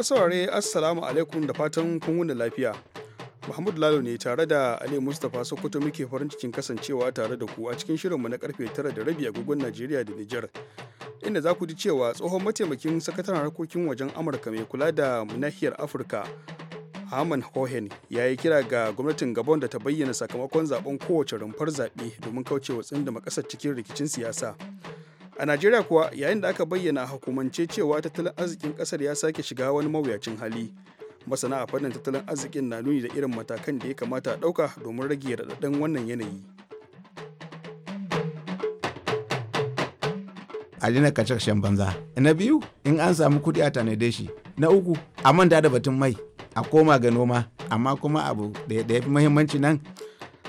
Masu saurare Assalamu alaikum da fatan kun wuni lafiya. muhammadu Lalo ne tare da Ali Mustapha Sokoto muke farin cikin kasancewa tare da ku a cikin shirinmu na karfe 9 da rabi agogon Najeriya da Nijar. Inda za ku ji cewa tsohon mataimakin sakataren harkokin wajen Amurka mai kula da nahiyar Afirka Haman Cohen ya yi kira ga gwamnatin Gabon da ta bayyana sakamakon zaben kowace rumfar zaɓe domin kaucewa tsindima ƙasar cikin rikicin siyasa. a najeriya kuwa yayin da aka bayyana hukumance cewa tattalin arzikin kasar ya sake shiga wani mawuyacin hali masana a fannin tattalin arzikin na nuni da irin matakan da ya kamata a ɗauka domin rage raɗaɗin wannan yanayi a daina shan banza na biyu in an samu kuɗi a tanade shi na uku a manta da batun mai a koma ga noma amma kuma abu da ya fi muhimmanci nan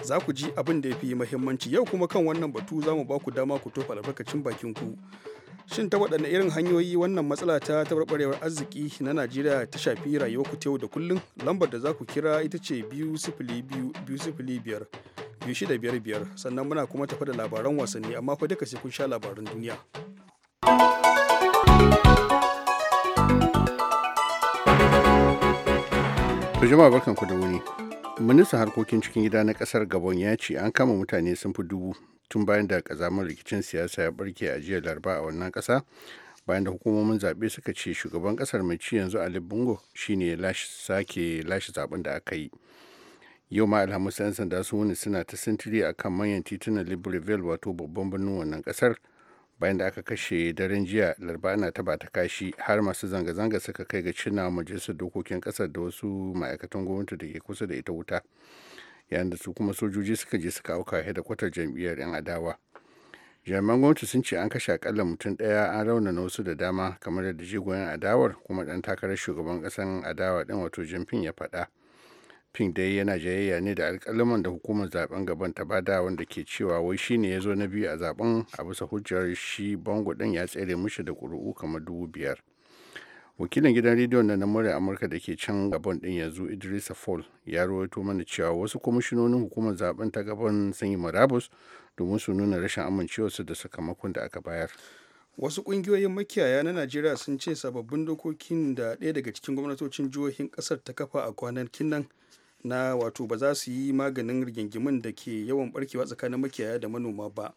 za ku ji abin da ya fi mahimmanci yau kuma kan wannan batu za mu ba ku dama ku tofa albarkacin bakin ku shin ta waɗanne irin hanyoyi wannan matsala ta taɓarɓarewar arziki na najeriya ta shafi rayuwar ku ta yau da kullum lambar da za ku kira ita ce biyu sifili biyu biyu sifili biyar biyu shida biyar biyar sannan muna kuma tafa da labaran wasanni amma fa duka sai kun sha labaran duniya. To jama'a barkan ku da wuni. ministan harkokin cikin gida na kasar gabon ya ce an kama mutane sun fi dubu tun bayan da kazamar rikicin siyasa ya barke a jiya laraba a wannan kasa bayan da hukumomin zaɓe suka ce shugaban kasar mai ci yanzu ali bongo shine ya sake lashe zaben da aka yi yau ma alhamis 'yan sanda sun wuni suna ta sintiri akan manyan titunan libreville wato babban birnin wannan kasar bayan da aka kashe daren jiya larba ta ba ta kashi har masu zanga-zanga suka kai ga cina majalisar dokokin kasar da wasu ma'aikatan gwamnati da ke kusa da ita wuta yayin da su kuma sojoji suka je suka auka kwatar jam'iyyar 'yan adawa jami'an gwamnati sun ce an kashe akalla mutum ɗaya an raunana wasu da dama kamar yadda jigon adawar kuma ɗan takarar shugaban kasan adawa ɗin wato jamfin ya faɗa Ping dai yana jayayya ne da alkalaman da hukumar zaben gaban ta bada wanda ke cewa wai shine ya zo na biyu a zaben a bisa hujjar shi bango din ya tsere mishi da ƙuri'u kamar dubu biyar. wakilin gidan rediyon na murya amurka da ke can gaban din yanzu idris fall ya rawaito mana cewa wasu kwamishinonin hukumar zaben ta gaban sun yi murabus domin su nuna rashin su da sakamakon da aka bayar wasu kungiyoyin makiyaya na najeriya sun ce sababbin dokokin da ɗaya daga cikin gwamnatocin jihohin ƙasar ta kafa a kwanakin nan na wato ba za su yi maganin rigingimin da ke yawan barkewa tsakanin makiyaya da manoma ba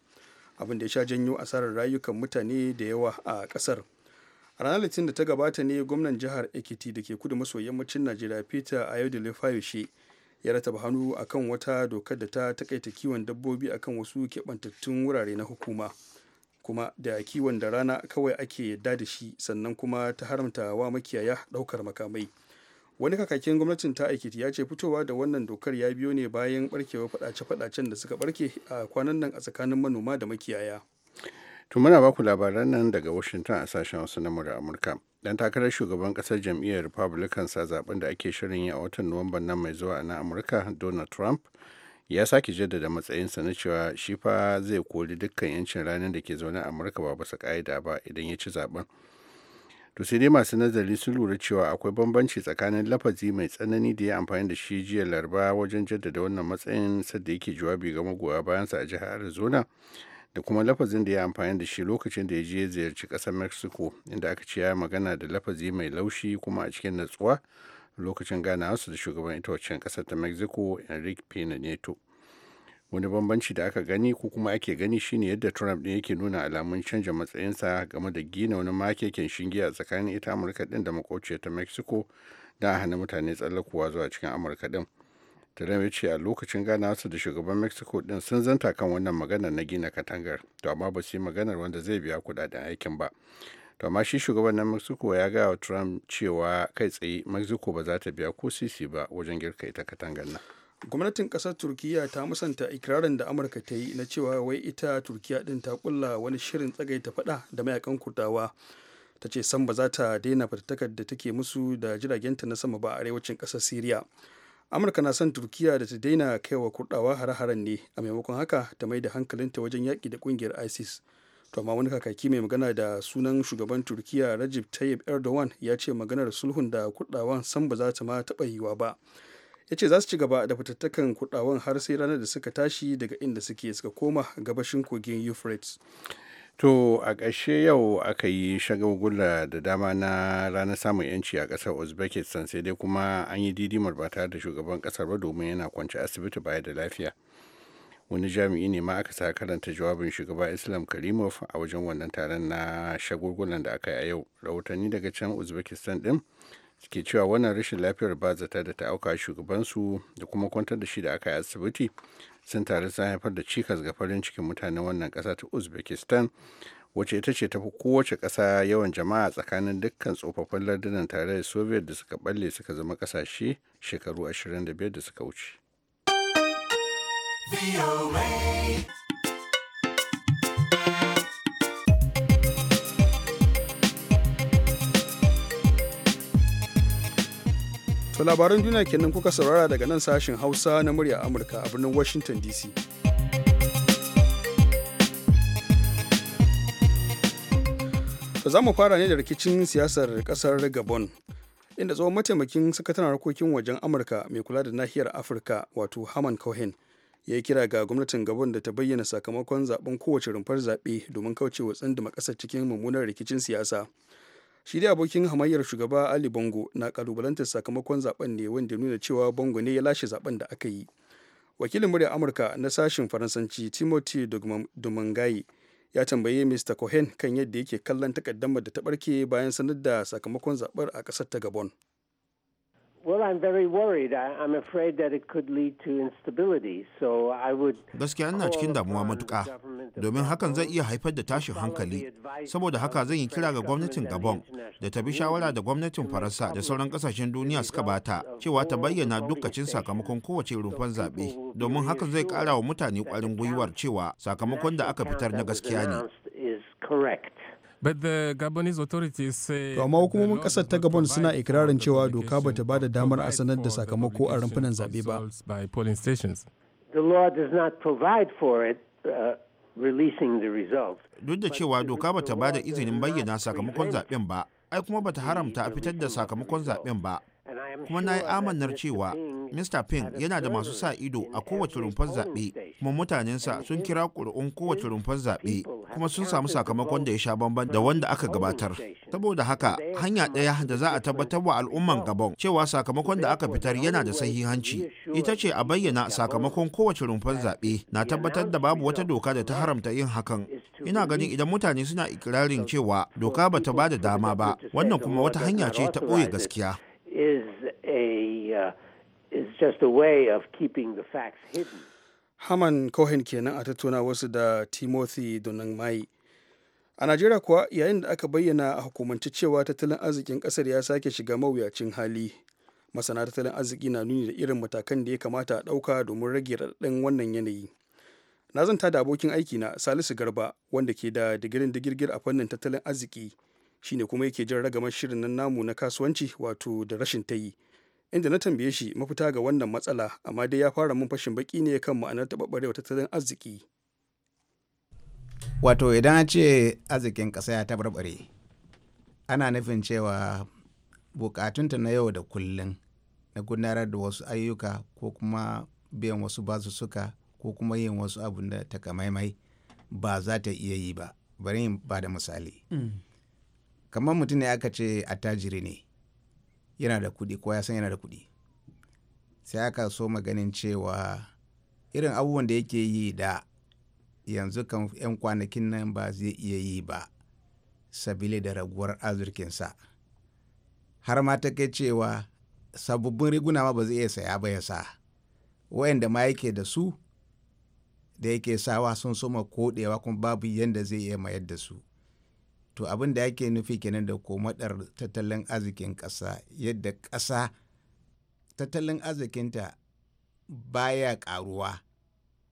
abin da ya sha janyo asarar rayukan mutane da yawa a kasar a ranar litinin da ta gabata ne gwamnan jihar ekiti da ke kudu maso yammacin najeriya peter ayodele fayoshe ya rataba hannu akan wata dokar da ta takaita kiwon dabbobi akan wasu keɓantattun wurare na hukuma kuma da kiwon da rana kawai ake yadda da shi sannan kuma ta haramta wa makiyaya ɗaukar makamai wani kakakin gwamnatin ta aikiti ya ce fitowa da wannan dokar ya biyo ne bayan barkewar fadace-fadacen da suka barke a kwanan nan a tsakanin manoma da makiyaya to muna baku labaran nan daga washington a sashen wasu na mura amurka dan takarar shugaban kasar jam'iyyar republican sa zaben da ake shirin yi a watan nuwamban nan mai zuwa na amurka donald trump ya sake jaddada matsayinsa na cewa shi fa zai kori dukkan yancin ranar da ke zaune a amurka ba bisa ka'ida ba idan ya ci zaben to sai dai masu nazari sun lura cewa akwai bambanci tsakanin lafazi mai tsanani da ya amfani da shi jiya laraba wajen jaddada wannan matsayin sadda yake jawabi ga magoya bayansa a jihar arizona da kuma lafazin da ya amfani da shi lokacin da ya je ziyarci kasar mexico inda aka ce ya magana da lafazi mai laushi kuma a cikin natsuwa lokacin ganawarsu da shugaban ita waccan ƙasar ta mexico enrique pena neto wani bambanci da aka gani ko kuma ake gani shine yadda trump ɗin yake nuna alamun canja matsayinsa game da gina wani makekin shinge a tsakanin ita amurka ɗin da makwabciyar ta mexico da hana mutane tsallakowa zuwa cikin amurka ɗin Trump ya ce a lokacin su da shugaban Mexico din sun zanta kan wannan maganar na gina katangar, to amma ba su yi maganar wanda zai biya kuɗaɗen aikin ba. To amma shi shugaban na Mexico ya gaya wa Trump cewa kai tsaye Mexico ba za ta biya ko sisi ba wajen girka ita katangar nan. gwamnatin kasar turkiya ta musanta ikirarin da amurka ta yi na cewa wai ita turkiya din ta kulla wani shirin tsagaita fada da mayakan kurdawa ta ce san ba za ta daina fitattakar da take musu da jiragenta na sama ba a arewacin kasar siriya amurka na son turkiya da ta daina kaiwa kurdawa hare-haren ne a maimakon haka ta mai da hankalinta wajen yaƙi da kungiyar isis to amma wani kakaki mai magana da sunan shugaban turkiya rajib tayyip erdogan ya ce maganar sulhun da kurdawan san ba za ta ma taɓa yiwa ba ya ce za su ci gaba da fitattakan kudawan har sai ranar da suka tashi daga inda suke suka koma gabashin kogin euphrates to a ƙashe yau aka yi shagulgula da dama na ranar samun yanci a ƙasar uzbekistan sai dai kuma an yi didimar ba tare da shugaban ƙasar ba domin yana kwance asibiti baya da lafiya wani jami'i ne ma aka sa karanta jawabin shugaba islam karimov a wajen wannan taron na shagulgulan da aka yi a yau rahotanni daga can uzbekistan din ke cewa wannan rashin lafiyar ba zata da ta auka shugabansu da kuma kwantar da shi da aka yi asibiti sun taru sun haifar da cikas ga farin cikin mutanen wannan kasa ta uzbekistan wacce ita ce tafi kowace ƙasa yawan jama'a tsakanin dukkan tsofaffin lardunan tarayyar soviet da suka balle suka zama ƙasashe shekaru 25 da suka wuce To labaran duniya kenan kuka saurara daga nan sashen Hausa na murya Amurka a birnin Washington DC. to za mu fara ne da rikicin siyasar kasar Gabon. Inda tsohon mataimakin sakataren harkokin wajen Amurka mai kula da nahiyar Afirka wato Haman Cohen ya yi kira ga gwamnatin Gabon da ta bayyana sakamakon zaben kowace rumfar zaɓe domin kaucewa tsindima ƙasar cikin mummunar rikicin siyasa. shi dai abokin hamayyar shugaba ali bongo na kalubalantar sakamakon zaben ne wanda nuna cewa bongo ne ya lashe zaben da aka yi wakilin murya amurka na sashen faransanci timothy dumangai ya tambaye mr cohen kan yadda yake kallon takaddamar da ta barke bayan sanar da sakamakon zaben a kasar ta gabon Well, I'm very worried. I, I'm afraid that it could lead to instability. So I would Gaskiya ina cikin damuwa matuƙa domin hakan zai iya haifar da tashin hankali. Saboda haka zan yi kira ga gwamnatin Gabon da ta bi shawara da gwamnatin Faransa da sauran kasashen duniya suka bata cewa ta bayyana dukkanin sakamakon kowace rumfan zaɓe domin hakan zai ƙara wa mutane ƙwarin gwiwar cewa sakamakon da aka fitar na gaskiya ne. But the Gabonese authorities say amma hukumomin kasar ta Gabon suna ikirarin cewa doka bata ba da damar a sanar da sakamako a rumfunan zaɓe ba. The law does not provide for it. Uh, the results. Duk da cewa doka bata ba da izinin bayyana sakamakon zaɓen ba, ai kuma bata haramta a fitar da sakamakon zaɓen ba. kuma na yi amanar cewa mr ping yana da masu sa ido a kowace rumfar zaɓe kuma mutanensa sun kira ƙuri'un kowace rumfar zaɓe kuma sun samu sakamakon da ya sha bamban da wanda aka gabatar saboda haka hanya ɗaya da za a tabbatar wa al'umman gabon cewa sakamakon da aka fitar yana da sahihanci ita ce a bayyana sakamakon kowace rumfar zaɓe na tabbatar da babu wata doka da ta haramta yin hakan ina ganin idan mutane suna ikirarin cewa doka ba ta ba da dama ba wannan kuma wata hanya ce ta ɓoye gaskiya is a uh, is just a way of keeping the facts hidden. Haman Cohen kenan a tattauna wasu da Timothy Mai. A Najeriya kuwa yayin da aka bayyana a hukumance cewa tattalin arzikin kasar ya sake shiga mawuyacin hali. Masana tattalin arziki na nuni da irin matakan da ya kamata a ɗauka domin rage raɗaɗin wannan yanayi. Na zanta da abokin aiki na Salisu Garba wanda ke da digirin digirgir a fannin tattalin arziki shine kuma yake jin ragamar shirin nan namu na kasuwanci wato da rashin ta yi inda na tambaye shi mafita ga wannan matsala amma dai ya fara mun fashin baki ne kan ma'anar wata tattalin arziki wato idan a ce arzikin ƙasa ya tabarbare ana nufin cewa bukatunta na yau da kullum na gudanar da wasu ayyuka ko kuma biyan wasu basu suka ko kuma yin wasu abun da takamaimai ba za ta iya yi ba bari ba da misali mm. kamar mutum ne aka ce attajiri ne yana da kuɗi ko ya san yana da kuɗi sai aka so maganin cewa irin abubuwan da yake yi da yanzu kan 'yan kwanakin nan ba zai iya yi ba sabili da raguwar arzikinsa har ma ta kai cewa sababbin riguna ma ba zai iya saya ba ya sa wayanda ma yake da su da yake sawa sun soma kodewa kuma babu yadda zai iya mayar da su to abin da yake nufi kenan da komadar tattalin arzikin ƙasa yadda ƙasa tattalin arzikinta ba ya ƙaruwa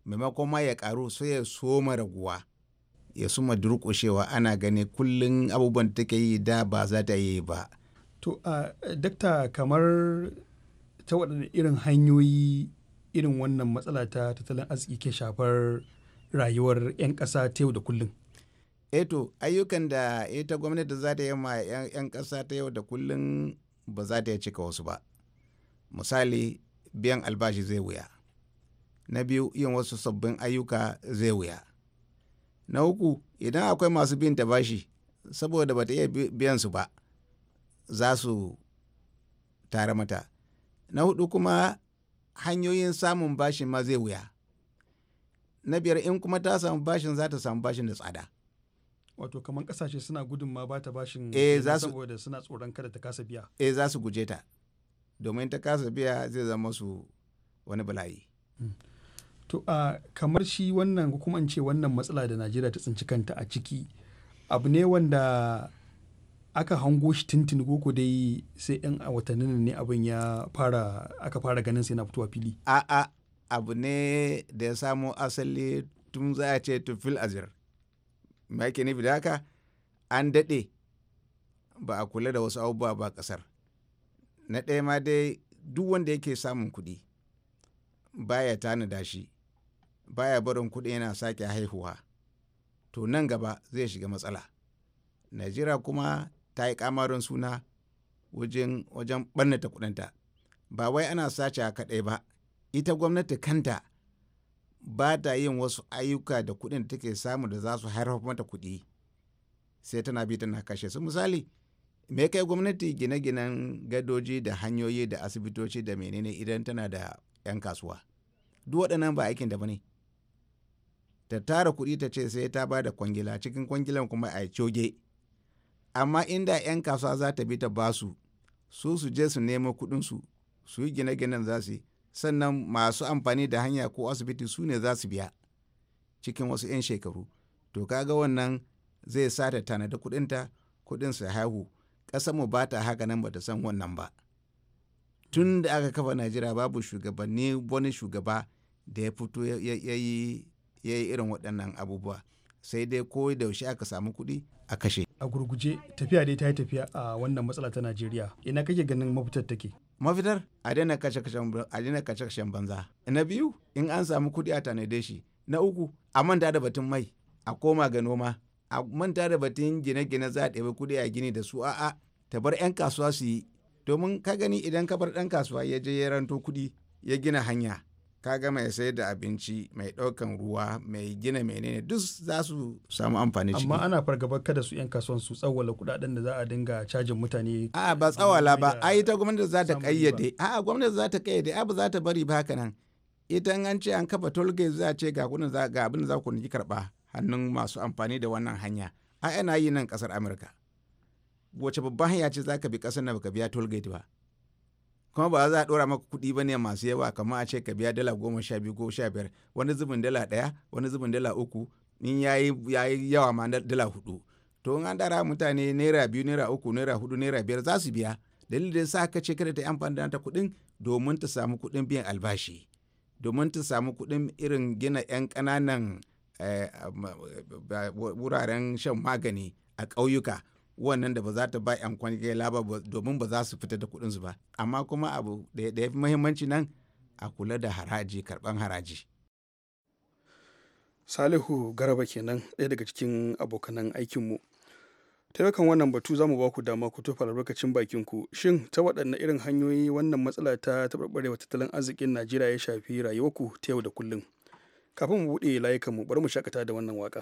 maimakon ma ya ƙaru sai ya soma raguwa ya suma durƙushewa ana gani kullum abubuwan take yi da ba za ta yi ba to a dakta kamar ta waɗanda irin hanyoyi irin wannan matsala ta tattalin arziki ke shafar rayuwar 'yan ƙasa ta yau da kullum eto eh ayyukan da ita gwamnati za ta yi ma 'yan kasa ta yau da kullum ba za ta yi cika wasu ba misali biyan albashi zai wuya na biyu yin wasu sabbin ayyuka zai wuya na uku idan akwai masu bin ta bashi saboda ba ta iya biyan su ba za su tare mata na hudu kuma hanyoyin samun bashin ma zai wuya na biyar in kuma ta samu bashin za ta samu bashin da tsada wato kamar kasashe suna gudun ma ba ta bashin eh saboda suna tsoron kada ta kasa biya eh za su guje ta domin ta kasa biya zai zama su wani bala'i hmm. to a kamar shi wannan kuma ce wannan matsala da Najeriya ta tsinci kanta a ciki abu ne wanda aka hango shi tintin koko dai sai yan watannin ne abin ya fara aka fara ganin sai na fitowa fili a a abu ne da ya samo asali tun za a ce fil azir me ake nufi da haka an daɗe ba a kula da wasu abubuwa ba ƙasar na ɗaya ma dai duk wanda yake samun kuɗi baya tanada shi baya barin kuɗi yana sake haihuwa to nan gaba zai shiga matsala najeriya kuma ta yi kamarin suna wajen wajen ɓannata kuɗinta ba wai ana sace kaɗai ba ita gwamnati kanta ba ta yin wasu ayyuka da kuɗin da take samu da za su haifar mata kuɗi sai tana bi tana kashe su misali me kai gwamnati gine-ginen gadoji da hanyoyi da asibitoci da menene idan tana da 'yan kasuwa duk waɗannan ba aikin da bane ta tara kuɗi ta ce sai ta ba da kwangila cikin kwangilan kuma a coge amma inda 'yan kasuwa za ta bi ta basu su su je su nemo kuɗinsu su yi gine-ginen za su yi sannan masu amfani da hanya ko asibiti su ne za su biya cikin wasu 'yan shekaru to kaga wannan zai sa ta tanada kudinta kudin su haihu ƙasar mu ba ta haka nan ba ta san wannan ba tun da aka kafa najeriya babu shugabanni wani shugaba da ya fito ya yi irin waɗannan abubuwa sai dai ko da yaushe aka samu kuɗi a kashe a gurguje tafiya dai ta yi tafiya a wannan matsala ta najeriya ina kake ganin mafitar take mafitar a daina kashe-kashen banza na biyu in an samu kuɗi a tanade shi na uku a manta da batun mai a koma ga noma a manta da batun gine-gine za a ɗebi kuɗi a gini da su a'a ta bar 'yan kasuwa su yi domin ka gani idan ka bar ɗan kasuwa ya je ya ranto kuɗi ya gina hanya ka ga mai sayar da abinci mai ɗaukan ruwa mai gina menene duk za su samu amfani ciki amma ana fargabar kada su yan kasuwan su tsawala kudaden da za a dinga cajin mutane a ba tsawala ba ai ta gwamnati za ta kayyade a gwamnati za ta kayyade a ba za ta bari ba haka nan idan an ce an kafa tolgate za ce ga za ga abin da za ku niki karba hannun masu amfani da wannan hanya a ana yi nan kasar amurka wace babban hanya ce za ka bi kasar na baka biya tolgate ba kuma ba za a ɗora maka kuɗi ba ne masu yawa kamar a ce ka biya dala goma sha biyu ko sha biyar wani zubin dala ɗaya wani zubin dala uku in ya yi yawa ma dala hudu to in an dara mutane naira biyu naira uku naira hudu naira biyar za su biya dalilin sa ka ce kada ta yi amfani da ta kuɗin domin ta samu kuɗin biyan albashi domin ta samu kuɗin irin gina 'yan ƙananan eh, wuraren shan magani a ƙauyuka wannan da ba za ta ba 'yan laba ba domin ba za su fita da su ba amma kuma abu da ya fi muhimmanci nan a kula da haraji karɓan haraji salihu garaba kenan ɗaya daga cikin abokanan aikinmu ta kan wannan batu za mu ba ku dama ku tofa albarkacin bakin ku shin ta waɗanne irin hanyoyi wannan matsala ta wa tattalin arzikin najeriya ya shafi rayuwarku ta yau da kullum kafin mu buɗe layukanmu bari mu shakata da wannan waka.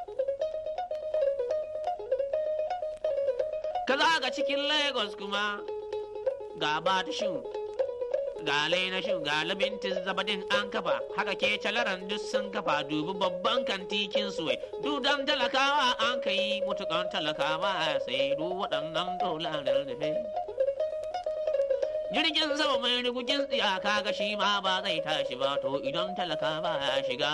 ka za ga cikin lagos kuma ga batishin ga lainashin ga labintin zabadin an kafa haka ke calaran duk sun kafa dubi babban kantikin suwai dudan talakawa an ka yi mutukan talakawa sai du waɗannan dolarar da jirgin sama mai rigugin tsiyaka ga shi ma ba zai tashi ba to idan talakawa ya shiga.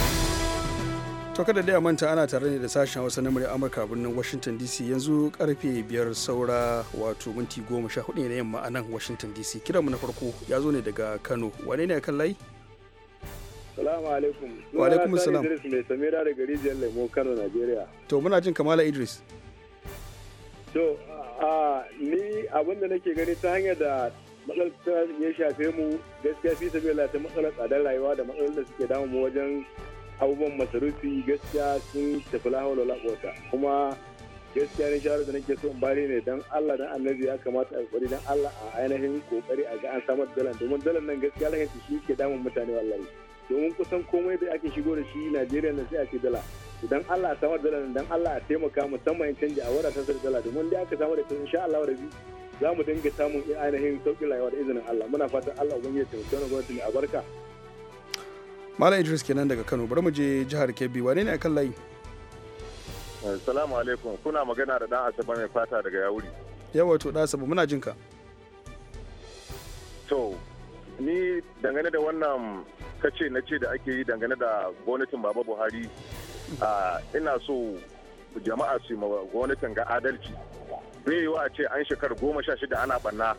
To kada da manta ana tare ne da sashen Hausa na murya Amurka birnin Washington DC yanzu karfe biyar saura wato minti goma sha hudu na yamma a nan Washington DC. Kiranmu na farko ya zo ne daga Kano. Wane ne kan layi? Salamu alaikum. Wa alaikum salam. Idris mai samira da rijiyar lemo Kano nigeria To muna jin Kamala Idris. To ni abin da nake gani ta hanyar da matsalar ya shafe mu gaskiya fi sabi ta matsalar tsadar rayuwa da matsalar da suke damu wajen abubuwan masarufi gaskiya sun tafi da labota kuma gaskiya ne shawarar da nake so in bari ne dan Allah dan annabi ya kamata a kokari dan Allah a ainihin kokari a ga an samar da dalan domin dalan nan gaskiya lahin shi ke damun mutane wallahi domin kusan komai da ake shigo da shi Najeriya na sai a ce dala idan Allah samar da dalan dan Allah a taimaka musamman in canja a ta da dala domin da aka samar da ta insha Allah rabi za mu dinga samun ainihin sauƙin rayuwa da izinin Allah muna fatan Allah ubangiji ya taimaka mu gwamnati ne a barka Malam Idris kenan daga Kano bari mu je jihar Kebbi wane ne akan layi? Assalamu alaikum kuna magana da dan Asabe mai fata daga Yawuri. Yawa to dan Asaba muna jinka. To ni dangane da wannan kace na ce da ake yi dangane da gwamnatin Baba Buhari ina so jama'a su ma gwamnatin ga adalci. Bai yiwa a ce an shekar goma sha shida ana banna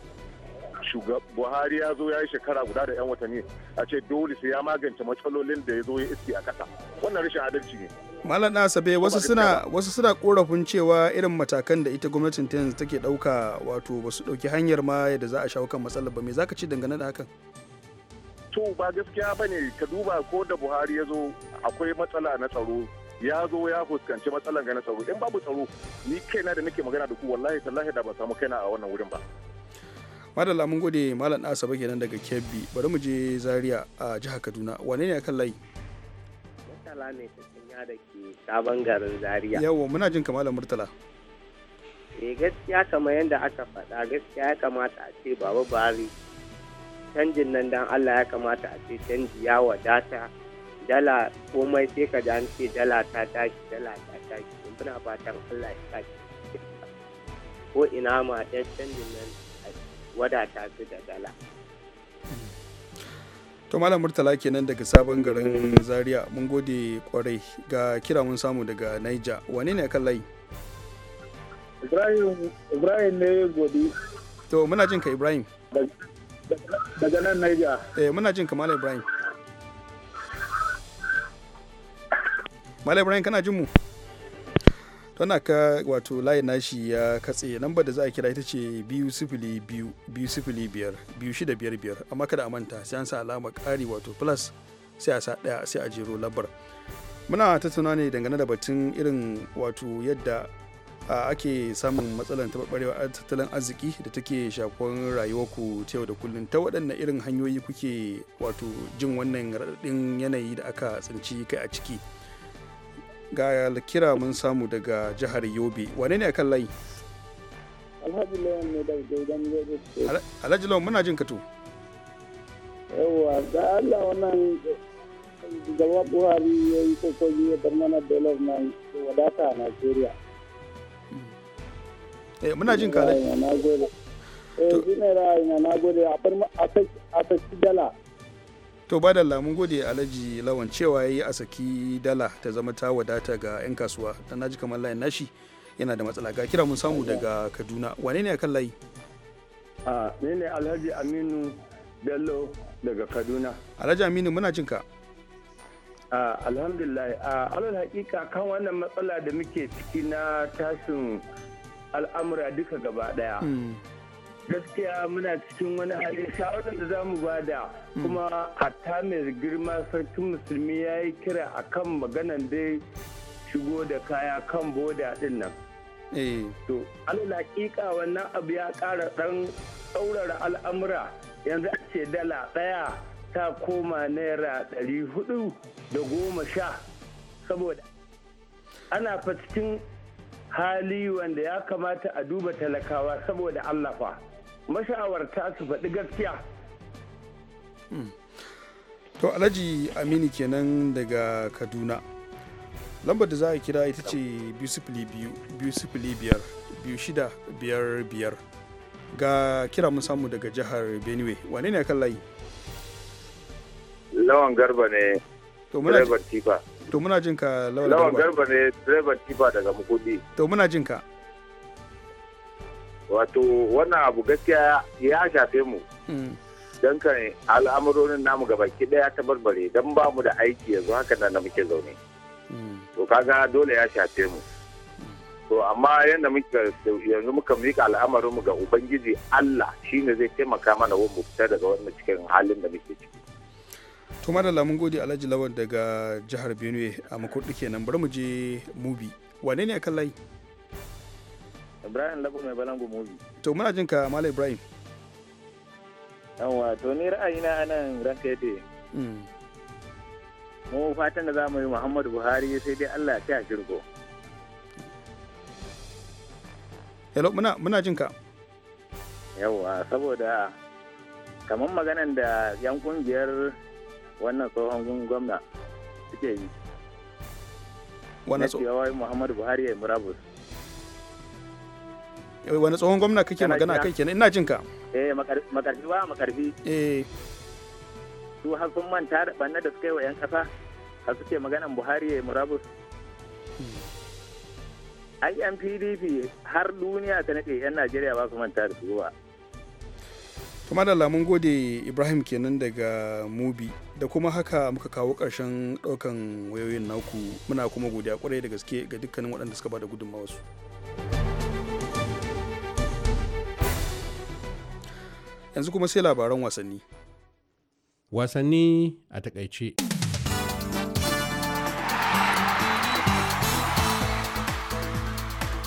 buhari ya zo ya yi shekara guda da 'yan watanni a ce dole sai ya magance matsalolin da ya zo ya iske a kasa wannan rashin adalci ne malam nasabe wasu suna wasu suna korafin cewa irin matakan da ita gwamnatin ta yanzu take dauka wato ba su dauki hanyar ma yadda za a shawo kan matsalar ba me zaka ce dangane da hakan to ba gaskiya bane ka duba ko da buhari ya zo akwai matsala na tsaro ya zo ya fuskanci matsalar ga na tsaro in babu tsaro ni kaina da nake magana da ku wallahi tallahi da ba samu kaina a wannan wurin ba madalla mun gode malam asaba kenan daga kebbi bari mu je zaria a jihar kaduna wane ne akan layi murtala ne tukunya da ke sabon garin zaria yawo muna jin ka malam murtala eh gaskiya kamar yadda aka faɗa gaskiya ya kamata a ce baba bari canjin nan dan allah ya kamata a ce canji ya wadata dala komai sai ka ja ce dala ta tashi dala ta tashi muna fatan allah ya tashi ko ina ma dan canjin nan wadata su da dala to malam murtala kenan daga sabon garin zaria mun gode kwarai ga kira mun samu daga niger wane ne kan layi ibrahim ne godi to muna jin ka ibrahim daga nan niger eh muna jin ka malam ibrahim malam ibrahim kana jin mu tana ka wato layin nashi ya katse lambar da za a kira ita ce biyu sifili biyu biyu sifili biyar biyu amma kada a manta sai an sa alama ƙari wato plus sai a sa ɗaya sai a jero lambar muna tattauna ne dangane da batun irin wato yadda ake samun matsalar taɓarɓarewa tattalin arziki da take shafon rayuwarku ta yau da kullum ta waɗanne irin hanyoyi kuke wato jin wannan raɗaɗin yanayi da aka tsinci kai a ciki ga kira mun samu daga jihar yobe wane ne akan layi alhaji lawan ne daga gaidan yobe alhaji lawan muna jin kato yawa ga allah wannan gaba buhari ya yi kokoli ya bar mana dollar na wadata a nigeria eh muna jin kalai na gode eh shi ne ra'ayi na gode a saki dala to ba da lamun gode alhaji lawan cewa ya yi a saki dala ta zama ta wadata ga 'yan kasuwa ta naji kamar layin nashi yana da matsala ga kira mun samu daga kaduna wane ne akan layi a ne ne alhaji aminu bello daga kaduna alhaji aminu muna jin ka alhamdulillah a alal hakika kan wannan matsala da muke ciki na tashin al'amura duka gaba daya hmm. gaskiya muna cikin wani hali shawarar da za mu bada kuma hatta mai girma sarkin musulmi ya yi kira a kan maganan dai shigo da kaya kan boda din nan eh. to alalakika wannan abu ya kara dan tsaurara al'amura yanzu a ce dala ɗaya ta koma naira ɗari hudu da goma sha saboda ana fa cikin hali wanda ya kamata a duba talakawa saboda allafa. mashawarta su faɗi gaskiya hmm. to alhaji aminu kenan daga kaduna lambar da za a kira ita ce biyu sifili biyar biyu shida biyar biyar ga kira mun samu daga jihar benue wane ne kan layi lawan garba ne direban tifa to muna jin ka lawan garba ne direban tifa daga mukudi to muna jin ka wato wannan abu gaskiya ya shafe mu hmm. don kan al'amurorin namu gaba ki daya ta barbare don ba mu da aiki yanzu haka nan da muke zaune hmm. to kaga dole ya shafe mu to amma yadda yanzu muka mika mu ga ubangiji Allah shine zai taimaka mana wani fita daga wannan cikin halin da muke ciki to madalla mun gode alhaji lawan daga jihar benue a makurdi kenan bari mu je mubi wane ne kan layi Ibrahim Labo mai Balangu Movie. To muna jin ka Malam Ibrahim. Yawwa to ni na anan ranka yade. Hmm. Mu fatan da za mu yi Muhammadu Buhari sai dai Allah ta shirgo. Hello muna muna jin ka. Yawwa saboda kamar maganan da yan kungiyar wannan tsohon gwamna suke yi. Wannan tsohon Muhammadu Buhari ya yi murabus. wani tsohon gwamna kake magana kai kenan ina jin ka eh makarfi ba makarfi eh su har sun manta da banna da suka yi wa yan kasa har suke maganan Buhari ya murabus ai yan PDP har duniya ta nake yan Najeriya ba su manta da su ba kuma da lamun gode ibrahim kenan daga mubi da kuma haka muka kawo ƙarshen ɗaukan wayoyin naku muna kuma godiya kwarai da gaske ga dukkanin waɗanda suka bada gudunmawa su. yanzu kuma sai labaran wasanni wasanni a takaice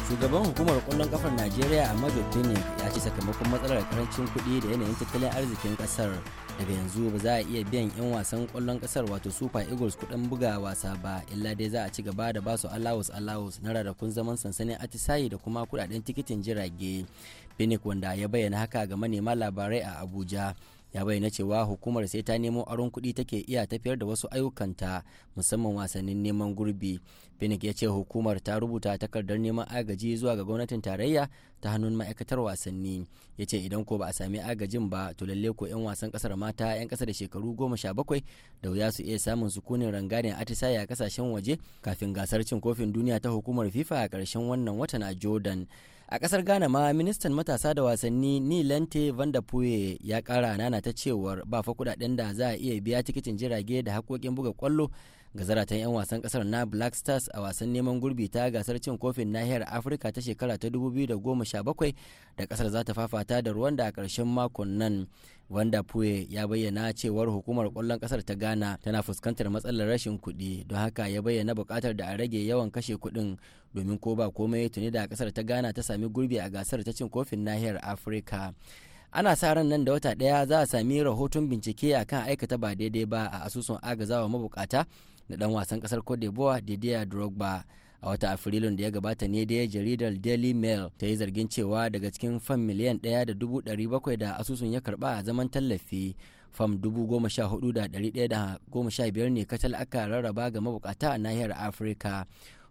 shugaban hukumar kwallon kafar najeriya amadu benin ya ce sakamakon matsalar karancin kuɗi da yanayin tattalin arzikin kasar daga yanzu ba za a iya biyan 'yan wasan kwallon kasar wato super eagles kuɗin buga wasa ba illa dai za a ci gaba da basu allowance allowance na rarrakun zaman sansanin atisayi da kuma kuɗaɗen tikitin jirage Pinnick wanda ya bayyana haka ga manema labarai a Abuja ya bayyana cewa hukumar sai ta nemo aron kuɗi take iya tafiyar da wasu ayyukanta musamman wasannin neman gurbi Pinnick ya ce hukumar ta rubuta takardar neman agaji zuwa ga gwamnatin tarayya ta hannun ma'aikatar wasanni ya ce idan ko ba a sami agajin ba to lalle ko 'yan wasan kasar mata 'yan kasa da shekaru goma sha bakwai da wuya su iya samun sukunin rangadin atisaya a kasashen waje kafin gasar cin kofin duniya ta hukumar fifa a karshen wannan watan a jordan a kasar ghana ma ministan matasa da wasanni ni lente van da puye ya kara nana ta cewar ba fa kudaden da za a iya biya tikitin jirage da hakokin buga kwallo ga zaratan 'yan wasan kasar na black stars a wasan neman gurbi ta gasar cin kofin nahiyar afirka ta shekara ta 2017 da kasar za ta fafata da ruwan da a karshen makon nan wanda puye ya bayyana cewar hukumar kwallon kasar ta ghana tana fuskantar matsalar rashin kuɗi don haka ya bayyana bukatar da a rage yawan kashe kuɗin domin ko ba komai tuni da kasar ta ghana ta sami gurbi a gasar ta cin kofin nahiyar afirka ana sa ran nan da wata ɗaya za a sami rahoton bincike akan aikata ba daidai ba a asusun agazawa mabukata na dan wasan kasar cote d'ivoire didier drogba a wata afrilun da ya gabata ne dai jaridar daily mail ta yi zargin cewa daga cikin fam miliyan ɗaya da dubu ɗari bakwai da asusun ya karba a zaman tallafi fam dubu goma sha hudu da ɗari ɗaya da goma sha biyar ne kacal aka rarraba ga mabukata a nahiyar afirka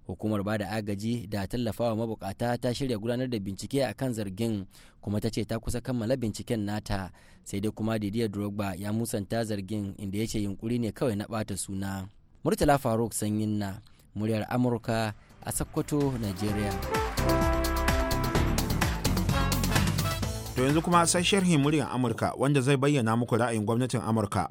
hukumar ba da agaji da tallafawa mabukata ta shirya gudanar da bincike a kan zargin kuma ta ce ta kusa kammala binciken nata sai dai kuma didier drogba ya musanta zargin inda ya ce yunkuri ne kawai na bata suna murtala faruk sanyin na muryar amurka a sokoto nigeria to yanzu kuma sai sharhin muryar amurka wanda zai bayyana muku ra'ayin gwamnatin amurka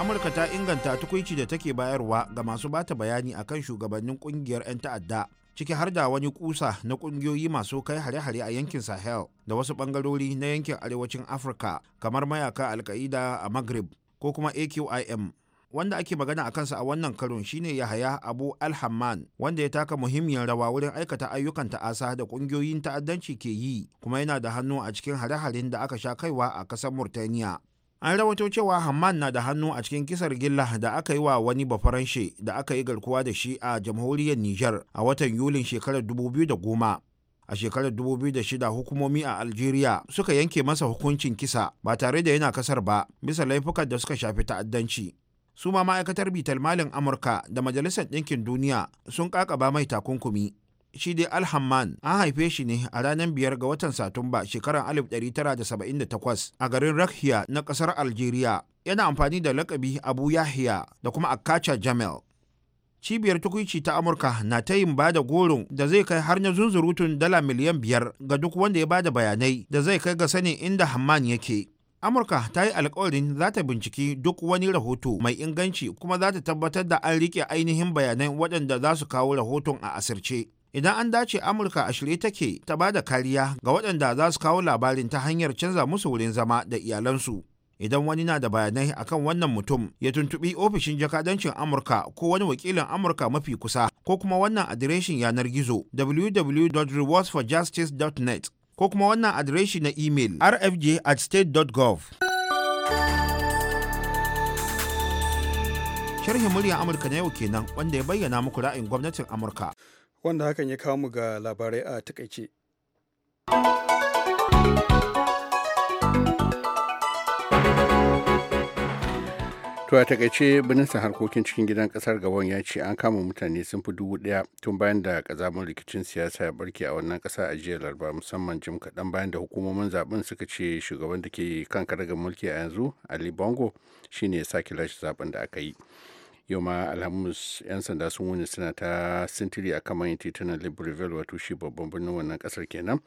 amurka ta inganta tukuici da take bayarwa ga masu bata bayani akan shugabannin kungiyar 'yan ta'adda ciki har da wani kusa na kungiyoyi masu kai hare-hare a yankin sahel da wasu bangarori na yankin arewacin afirka kamar mayaka alka'ida a maghrib ko kuma AQIM. Wanda ake magana a kansa a wannan karon shine Yahaya Abu Alhamman wanda ya taka muhimmiyar rawa wurin aikata ayyukan ta'asa da kungiyoyin ta'addanci ke yi kuma yana da hannu a cikin hare-haren da aka sha kaiwa a kasar Murtaniya. An rawato cewa Hamman na da hannu a cikin kisar gilla da aka yi wa wani bafaranshe da aka yi garkuwa da shi a jamhuriyar Nijar a watan Yulin shekarar 2010. a shekarar 2006 hukumomi a algeria suka yanke masa hukuncin kisa ba tare da yana kasar ba bisa laifukan da suka shafi ta'addanci su ma ma'aikatar bitar malin amurka da majalisar ɗinkin duniya sun kakaba mai takunkumi shi dai alhamman an haife shi ne a ranar biyar ga watan satumba shekarar 1978 a garin rakhiya na ƙasar algeria yana amfani da lakabi abu yahiya da kuma akacha jamel cibiyar tukuici ta amurka na ta yin bada goron da zai kai har na zunzurutun dala miliyan biyar ga duk wanda ya bada bayanai da zai kai ga sanin inda hamman yake amurka ta yi alkawarin za ta binciki duk wani rahoto mai inganci kuma za ta tabbatar da an rike ainihin bayanai waɗanda za su kawo rahoton a asirce idan an dace amurka a shirye take ta ba da kariya ga waɗanda za su kawo labarin ta hanyar canza musu wurin zama da iyalansu idan wani na da bayanai akan wannan mutum ya tuntubi ofishin jakadancin amurka ko wani wakilin amurka mafi kusa ko kuma wannan adireshin yanar gizo www.rewardsforjustice.net ko kuma wannan adireshi na imel rfj@state.gov. sharhin murya amurka na yau kenan wanda ya bayyana muku ra'ayin gwamnatin amurka wanda hakan ya kawo mu ga labarai a takaice. To a takaice ministan harkokin cikin gidan kasar Gabon ya ce an kama mutane sun fi dubu ɗaya tun bayan da ƙazamin rikicin siyasa ya barke a wannan ƙasa a jiya laraba musamman jim kaɗan bayan da hukumomin zaben suka ce shugaban da ke kan karagar mulki a yanzu Ali Bongo shine ya sake lashe zaben da aka yi. yau ma alhamis 'yan sanda sun wuni suna ta sintiri a kan manyan titunan libreville wato shi babban birnin wannan kasar kenan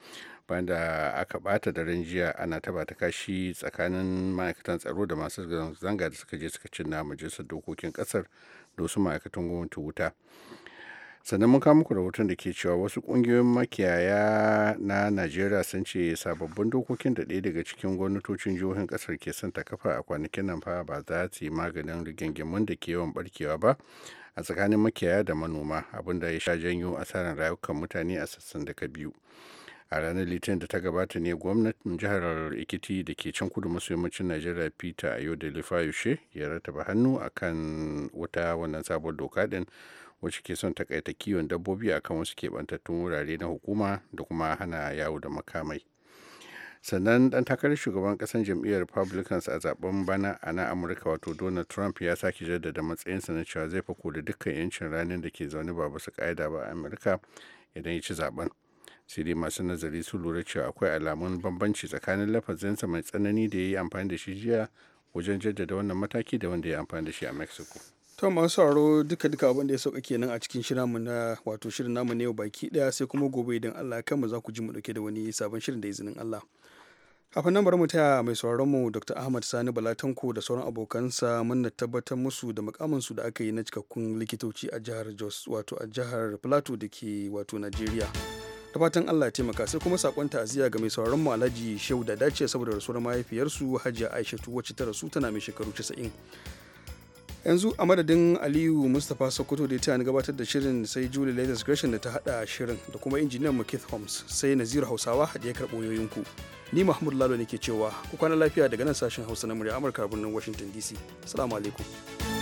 bayan da aka bata daren jiya ana taba ta kashi tsakanin ma'aikatan tsaro da masu zanga da suka je suka cin na majalisar dokokin kasar da wasu ma'aikatan gwamnati wuta sannan mun kawo muku rahoton da ke cewa wasu kungiyoyin makiyaya na najeriya sun ce sababbin dokokin da ɗaya daga cikin gwamnatocin jihohin kasar ke son ta kafa a kwanakin nan fa ba za su yi maganin rigingimun da ke yawan barkewa ba a tsakanin makiyaya da manoma da ya sha janyo asarar rayukan mutane a sassan daga biyu a ranar litinin da ta gabata ne gwamnatin jihar ikiti da ke can kudu maso yammacin najeriya peter ayodele fayoshe ya rataba hannu akan wuta wannan sabon doka din wacce ke son takaita kiwon dabbobi a kan wasu keɓantattun wurare na hukuma da kuma hana yawo da makamai sannan ɗan takarar shugaban kasan jam'iyyar republicans a zaben bana a na amurka wato donald trump ya sake jaddada matsayinsa na cewa zai fako da dukkan yancin ranar da ke zaune ba basu ka'ida ba a amurka idan ya ci zaben sai dai masu nazari su lura cewa akwai alamun bambanci tsakanin lafazinsa mai tsanani da ya yi amfani da shi jiya wajen jaddada wannan mataki da wanda ya amfani da shi a mexico To masu sauraro duka duka abin da ya sauka kenan a cikin shirin na wato shirin namu ne yau baki ɗaya sai kuma gobe idan Allah kanmu za ku ji mu dauke da wani sabon shirin da izinin Allah. Kafin nan bari mu taya mai sauraron mu Dr. Ahmad Sani Balatanko da sauran abokansa mun tabbatar musu da mukamin su da aka yi na cikakkun likitoci a jihar Jos wato a jihar Plateau da ke wato Najeriya. ta fatan Allah ya taimaka sai kuma sakon ta'aziya ga mai sauraron mu Alhaji Shehu da dace saboda rasuwar mahaifiyarsu Hajiya Aishatu wacce ta rasu tana mai shekaru 90. yanzu a madadin aliyu mustapha sokoto da ya gabatar da shirin sai julie latest gresham da ta hada shirin da kuma injiniyan mu keith holmes sai nazir hausawa da ya karɓo yoyinku ni mahmud lalo ne ke cewa ku kwana lafiya daga nan sashen hausa na murya amurka birnin washington dc salamu alaikum